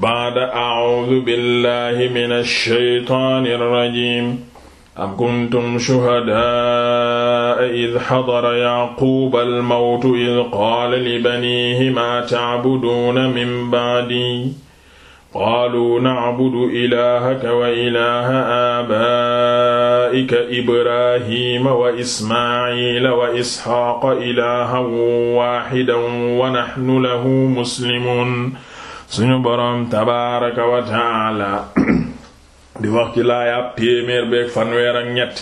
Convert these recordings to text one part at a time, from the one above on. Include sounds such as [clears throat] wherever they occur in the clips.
baada acuudu billahi min alsheytaan alrajim am kuntum shuhadaa id xadara yaaquuba almawtu id qaala libaniihi maa tacbuduuna min bacdi qaaluu nacbudu ilaahaka wa ilaaha aabaa'ika ibraahiima wa ismaaciila wa isxaaqa ilaahan waaxidan wa naxnu lahu muslimuun suñu boroom tabaaraka wa taala [clears throat] di wax ci laayaab téeméer beeg fanweer ak ñett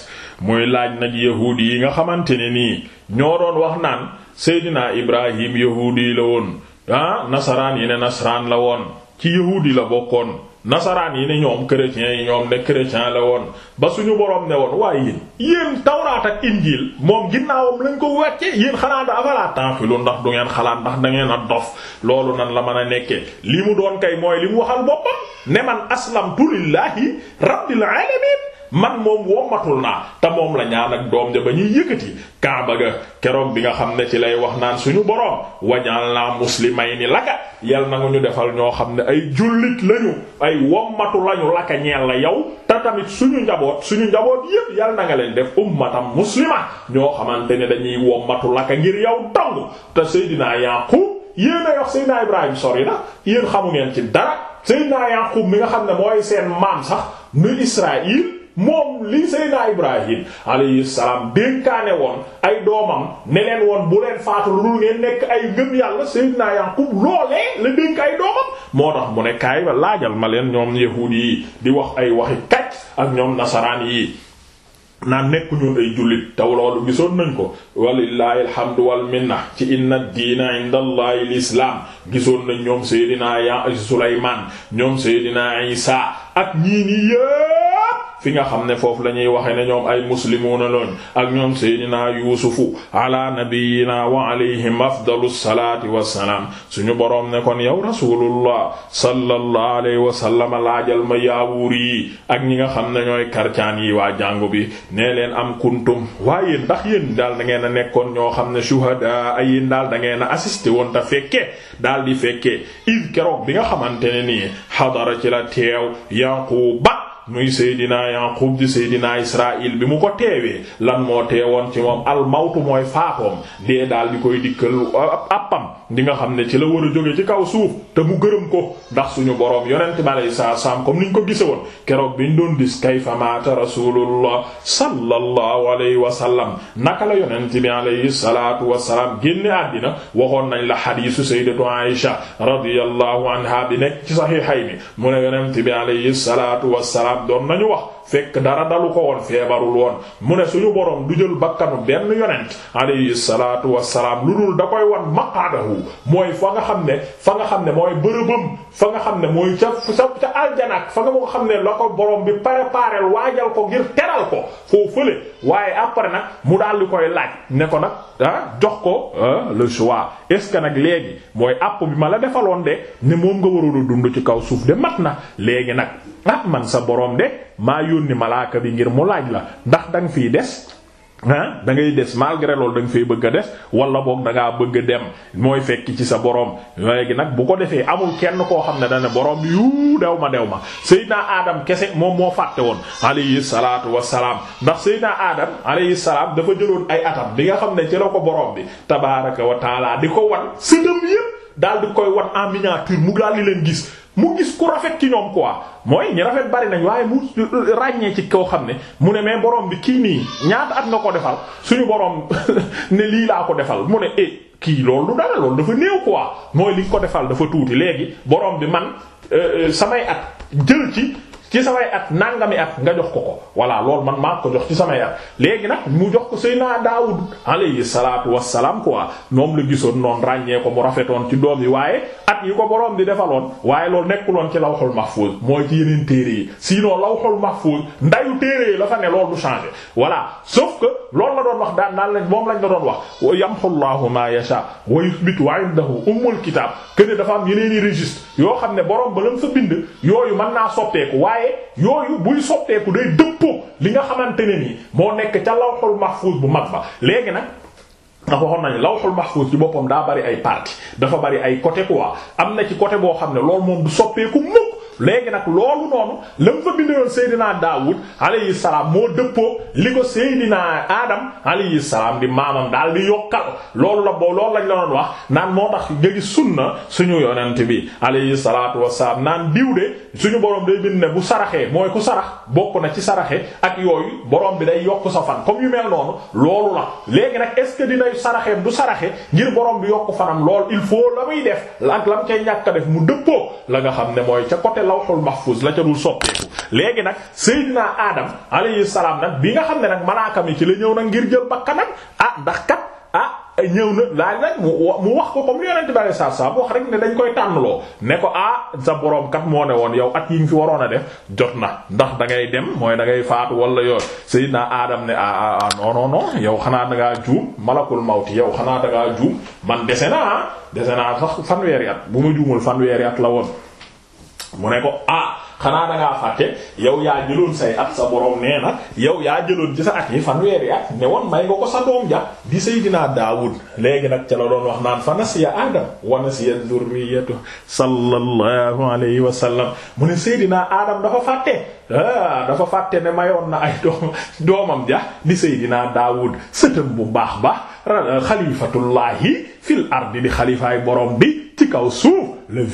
muy laaj nag yahuudi yi nga xamante ne nii ñoo doon wax naan seydinaa ibrahim yahuudi la woon ah, nasaraan yi ne nasaraan la woon ci yahuudi la bokkoon nasaraan yi ne ñoom chrétiens yi ñoom ne chrétien la woon ba suñu boroom ne woon waaye yéen yéen tawraat ak injiil moom ginnaawam lañ ko wàcce yéen xanaa da avalaa taaxilu ndax du ngeen xalaat ndax da ngeen a dof loolu nan la mën a nekkee li mu doon kay mooy li mu waxal boppam ne man aslamtu lillahi rabbil alamin man moom wommatul naa te moom la ñaan ak doom ja ba ñuy yëkkati kaaba ga keroog bi nga xam ne ci lay wax naan suñu boroom wañaal naa muslimayni laka yal na nga ñu defal ñoo xam ne ay jullit lañu ay wommatu lañu laka ñeen la yow te tamit suñu njaboot suñu njaboot yépp yal na nga leen def ummatam muslima ñoo xamante ne dañuy wommatu laka ngir yow dong te Seydina Yaqub yéen a yox Seydina Ibrahim sori na yéen xamu ngeen ci dara Seydina Yaqub nga xam ne mooy seen maam sax nu moom lii Seydina Ibrahim alayhi salaam dénkaane woon ay doomam ne leen woon bu leen faatu lu dul ngeen nekk ay ngëm yàlla Seydina Yaqub loolee la dénk ay doomam moo tax mu ne kaay laajal ma leen ñoom yahuud yi di wax ay waxi kacc ak ñoom nasaraan yi naan nekku ñun ay jullit taw loolu gisoon nañ ko walillahi alhamdu wal minna ci inna diina inda allahi lislaam gisoon nañ ñoom seydinaa ya Sulaymaan ñoom seydinaa Isaa ak ñii nii fi nga xam ne foofu lañuy ñuy waxe ne ñoom ay muslimuuna loon ak ñoom seydinaa yuusufu ala nabiyina wa alayhim afdalu salaati wassalaam suñu boroom ne kon yow rasulullah sallallahu alayhi wa sallam laajal ma yaawuur yi ak ñi nga xam ne ñooy karcaan yi waa jàngu bi nee leen am kuntum waaye ndax yéen daal da ngeen a nekkoon ñoo xam ne shuhada ay daal da ngeen a assisté woon te fekke daal di fekke id keroog bi nga xamante ne nii xadara ci la teew yanquba muy Seydina Yaqub di Seydina Israil bi mu ko teewee lan moo teewoon ci moom almawtu mooy faatoom dee daal di koy dikkal appam di nga xam ne ci la war a jóge ci kaw suuf te mu gërëm ko ndax suñu boroom yonent bi alayhi salaatu salaam comme niñ ko gise woon keroog biñ doon dis kayfa maata rasulullah sallallahu alayhi wa sallam naka la yonent bi salaatu wa salaam génne àddina waxoon nañ la xadiisu sayyidatu Aisha radiyallahu anha bi nekk ci saxiixayni mu ne yonent bi alayhi salaatu wa salaam salaam doon nañu wax fekk dara dalu ko woon feebarul woon mu ne suñu borom du jël bakkanu benn yonent alayhi salaatu wassalaam lu dul da koy wan maqaadahu mooy fa nga xam ne fa nga xam ne mooy bërëbam fa nga xam ne mooy sa ca ca aljanaak fa nga xam ne la ko borom bi préparé waajal ko ngir teral ko foo fële waaye après nag mu daal di koy laaj ne ko nag ah, jox ko ah, le choix est ce nag léegi mooy app bi ma la defaloon de ne moom nga waroon a dund ci kaw suuf de mat na boroom de maa yónni malaaka bi ngir mu laaj la ndax danga fiy des ah da ngay des malgré loolu da nga fay bëgg a des wala boog da ngaa bëgg a dem mooy fekk ci sa boroom léegi nag bu ko defee amul kenn koo xam ne da ne borom yu dew ma dew ma Seydina Adam kese moom moo fàtte woon. alayhi salaatu wa salaam ndax Seydina Adam alayhi salaam dafa jëloon ay atam bi nga xam ne ci la ko borom bi tabaaraka wa taala di ko wan sëtam yépp daal di koy wan en miniature mu daal mu gis ku rafet ci ñoom quoi mooy ñu rafet bari nañ waaye mu ràññee ci koo xam ne mu ne mais borom bi kii nii ñaata at nga ko defal suñu borom [laughs] ne lii laa ko defal mu ne eh kii loolu du dara loolu dafa néew quoi mooy li nga ko defal dafa tuuti léegi boroom bi man euh, euh, samay at jël ci. ci samay at mi at nga jox ko ko voilà loolu man maa ko jox ci samay at léegi nag mu jox ko Seydina Daawud alayhi salaatu wassalaam quoi moom la gisoon noonu ràññee ko mu rafetoon ci doom yi waaye at yi ko boroom di defaloon waaye loolu nekkuloon ci lawhul mahfuz mooy ci yeneen téere yi sinon lawhul mahfuz ndayu téere yi la fa ne loolu du changer voilà sauf que loolu la doon wax daan naan lañ moom lañ la doon wax yam yamhullaahu maa yashaa wa yuthbitu wa indahu ummul kitaab dafa am yeneen i registre yoo xam ne boroom ba lam fa bind waaye yooyu buy sotteeku day dëppoo li nga xamante ne nii moo nekk ca lawhul mahfuz bu mag ba léegi nag ndax waxoon nañu lawhul mahfuz ci boppam daa bari ay parties dafa bari ay côté quoi am na ci côté boo xam ne loolu moom du soppeeku mukk léegi nag loolu noonu la mu fa bindoon Seydina Daawud alayhi salaam moo dëppoo li ko Seydina Adam alayhi salaam di maamam daal di yokkal loolu la boo loolu lañu la doon wax naan moo tax nga gis sunna suñu yonent bi alayhi salaatu wassalaam naan diw de suñu borom day bind ne bu saraxee mooy ku sarax bokk na ci saraxe ak yooyu borom bi day yokk sa fan comme yu mel noonu loolu la léegi nag est ce que dinay saraxee du saraxe ngir borom bi yokk fanam lool il faut la muy def ak lam cay mu dëppoo la nga xam ne mooy ca côté lawhul mahfuz la ca dul soppeeku léegi nag Seydina Adam alayhi salaam nag bi nga xam ne nag malaaka mi ci la ñëw nag ngir jël bakkanam ah ndax kat ah ñëw na daal nag mu wax ko comme li yonent bari saab saab wax rek ne dañ koy tànnloo ne ko ah sa boroom kat moo ne woon yow at yi nga fi waroon a def jot na ndax da ngay dem mooy da ngay faatu wala yooyu naa Adam ne ah ah, ah non non yow xanaa da ngaa juum malakul mawti yow xanaa da ngaa man dese naa dese naa sax fanweeri at bu ma juumul fanweeri at la mu ne ko ah xanaa da fàtte yow yaa jëloon say at sa borom nee na yow yaa jëloon ci sa at yi fanweeri at ne woon may nga ko sa doom ja di Seydina Daawud léegi nag ca la doon wax naan fa nasiya Adam wa nasiya dhurriyyatu sallallahu alayhi wa sallam mu ne Seydina Adam dafa fàtte ah, dafa fàtte ne mayoon na ay doom doomam ja di Seydina Daawud sëtam bu baax ba xalifatullahi fil ardi di xalifaay borom bi ci kaw suuf le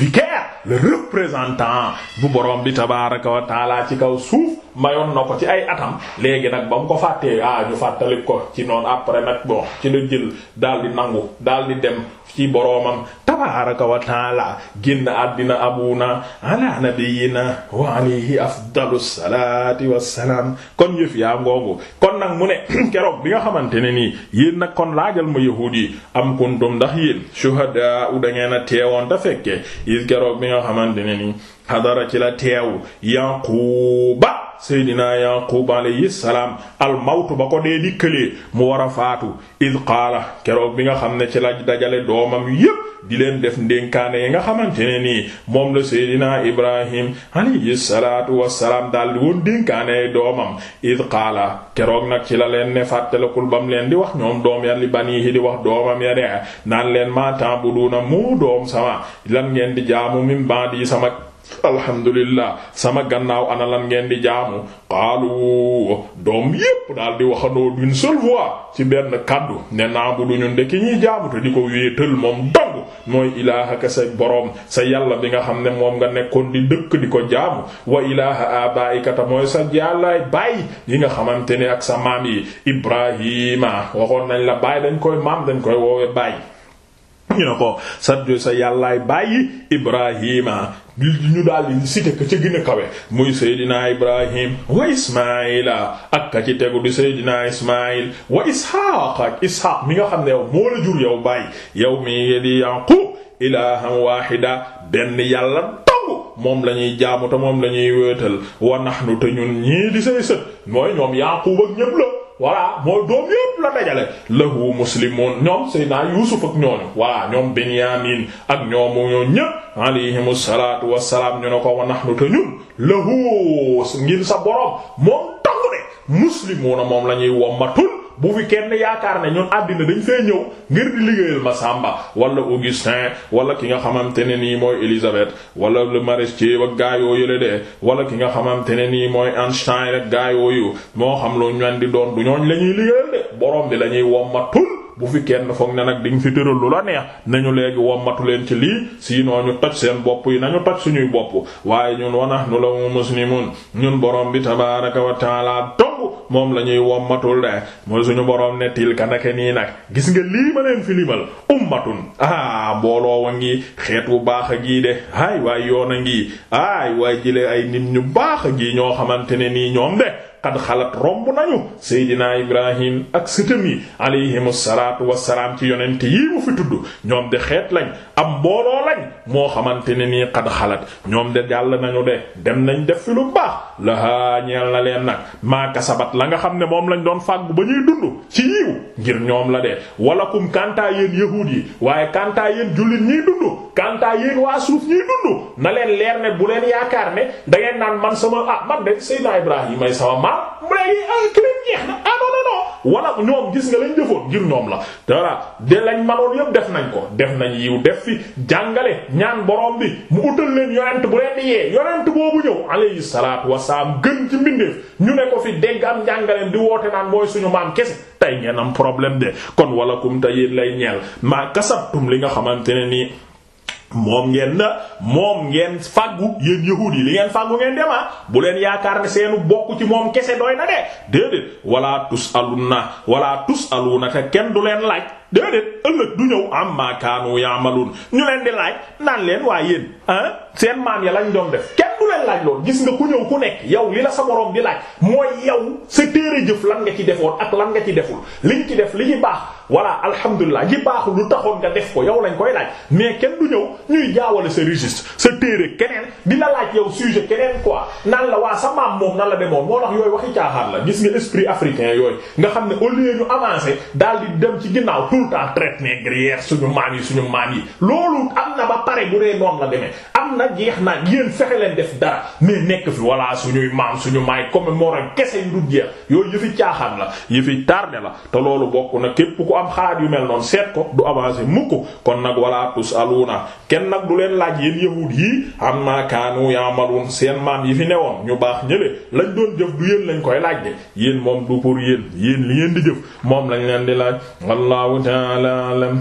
le représentant bu borom bi tabaaraka wa taala ci kaw suuf mayoon na ko ci ay atam léegi nag ba mu ko fàttee ah ñu fàttali ko ci noonu après nag bon ci la jël daal di nangu daal di dem ci boroomam tabaaraka wa taala génn àddina abuna ala nabiyyina na alayhi afdalu salaati wassalaam kon yëf yaa ngoogu kon nag mu ne [clears throat] keroog bi nga xamante ne nii yéen nag kon laajal ma yahuud yi am kuntum ndax yéen shuhadaa u da ngeen a teewoon te fekke yéen keroog bi nga xamante ne nii hadara ci la teew yaquba seydinaa yaqub alayhi salaam almawtu ba ko dee dikkalee mu war a faatu id qaala keroog bi nga xam ne ci la dajale doomam yépp di leen def ndénkaane yi nga xamante ne nii moom la seydinaa ibrahim alayhi salaatu wassalaam daal di woon dénkaane doomam id qaala keroog nag ci la leen ne fàttalakul bam leen di wax noom doom ya li banihi di wax doomam ya de naan leen ma ta'buduna mu doom sama lan ngeen di jaamu min ba'di sama alhamdulillah sama gannaaw ana lan ngeen di jaamu qaalu doom yépp daal di waxandoo d'une seule ci benn kàddu ne naamu du ñun de ki ñuy jaamu te di ko wéetal moom dong mooy ilaaha ka sa boroom sa yàlla bi nga xam ne moom nga nekkoon di dëkk di ko jaamu wa ilaaha abaayika ta mooy sa yàllaay baay yi nga xamante ne ak sa maam yi Ibrahima waxoon nañ la baay dañ koy maam dañ koy woowe baay ko sa sa yàllaay baay Ibrahima di ñu daal di cité ka ca gën a kawe muy Seydina Ibrahim wa Ismaila ak ka ci tegu di Seydina Ismail wa Ishaq ak mi nga xam ne yow moo la jur yow bàyyi yow mi di Yaqub ilahan wahida benn yàlla moom lañuy ñuy moom lañuy ñuy wa nahnu te ñii di say sët mooy ñoom Yaqub ak la voilà mooy doom yépp la dajale lahu muslimun ñoom Seydina Yuusuf ak ñooñu waa ñoom Benyamin ak ñoomu ñoom ñépp alayhimu salaatu wassalaam ñu ne ko wa nahnu te ñun lahu ngir sa borom moom taxu ne muslimuna moom lañuy ñuy wommatul bu fi kenn yaakaar ne ñun àddina dañ fee ñëw ngir liggéeyal ma Samba wala Augustin wala ki nga xamante ne nii mooy Elisabeth wala le Maresquier ak gaa yooyu la de wala ki nga xamante ne nii mooy Einstein ak gaa yu moo xam loo ñu leen di doon du ñooñ la ñuy liggéeyal de borom bi la ñuy wommatul bu fi kenn foog ne nag di nga fi tëral lu la neex nañu léegi wommatu leen ci lii sinon ñu toj seen bopp yi na nañu toj suñuy bopp waaye ñun wa nahnu moom la ñuy wommatul de mooy suñu boroom ne ka naka nii nag gis nga lii ma leen fi limal mbooloo ah, wa ngi xeet bu baax a gii de ay waay yoon a ngi ay waay jile ay nit ñu baax a gii ñoo xamante ne nii ñoom de xad xalat romb nañu seydinaa ibrahim ak sëtam yi alayhimu salaatu wassalaam ci yonent yii mu fi tudd ñoom de xeet lañ am mbooloo lañ moo xamante ne nii xad xalaat ñoom de jàll nañu de dem nañ def fi lu baax lahaa ñeel na leen nag maa sabat la nga xam ne moom lañ doon fàggu ba ñuy dund ci yiw ngir ñoom la de walakum kantaa yéen yahuud yi waaye kantaa yéen jullit ñiy dund hatta yéen waa suuf ñuy dund na leen leer ne bu leen yaakaar ne da ngeen naan man sama ah man de Seydina Ibrahima ay sama maam mu léegi ah kii jeex na ah non non wala ñoom gis nga lañ defoon ngir ñoom la. dara de lañ manoon yëpp def nañ ko def nañ yiw def fi jàngale ñaan borom bi mu utal leen yonent bu leen di yee yonent boobu ñëw alayhi salaatu wasalaam gën ci mbindeef ñu ne ko fi dégg am jàngaleen di woote naan mooy suñu maam kese. tey ngeen am problème de kon wala kum te yéen lay ñeel maa kasabtum li nga xamante ne nii moom ngeen na moom ngeen fàggu yéen yahuud yi li ngeen fàggu ngeen dema ah. bu leen yaakaar ne seenu bokku ci moom kese doy na de déedéet wala tus alun na wala tus alu na te kenn du leen laaj déedéet ëllëg du ñëw amma kaanu ya'malun ñu leen di laaj naan leen waa yéen ah seen maam yi lañ doon def kenn du leen laaj lool gis nga ku ñëw ku nekk yow li la sa borom di laaj mooy yow sa téere jëf lan nga ci defoon ak lan nga ci deful liñ ci def li ci baax voilà alhamdulilah ji baaxul lu taxoon nga def ko yow lañ koy laaj mais kenn du ñëw ñuy jaawale sa registre sa téere keneen dina laaj yow sujet keneen quoi nan la waa sa maam moom nan la demoon moo tax yooyu waxi caaxaan la gis nga esprit africain yooyu nga xam ne au lieu ñu avancer daal di dem ci ginnaaw tout le temps traite négrière suñu maam yi suñu maam yi loolu am na ba pare bu dee noonu la demee am na jeex na yéen fexe leen def dara mais nekk fi walla suñuy maam suñu maay comme moo rek kese yu dul jeex yooyu yëfi caaxaan la yi yëfi tardé la te loolu bokk na képp ko am xalaat yu mel noonu seet ko du avancé mukk kon nag walaa walla tus aluuna kenn nag du leen laaj yéen yahuud yi am maa kaanu yaamaluun seen maam yi fi ne woon ñu baax ñële lañ doon jëf du yéen lañ koy laaj de yéen moom du pour yéen yéen li di jëf moom lañ leen di laaj wallahu ta'ala alam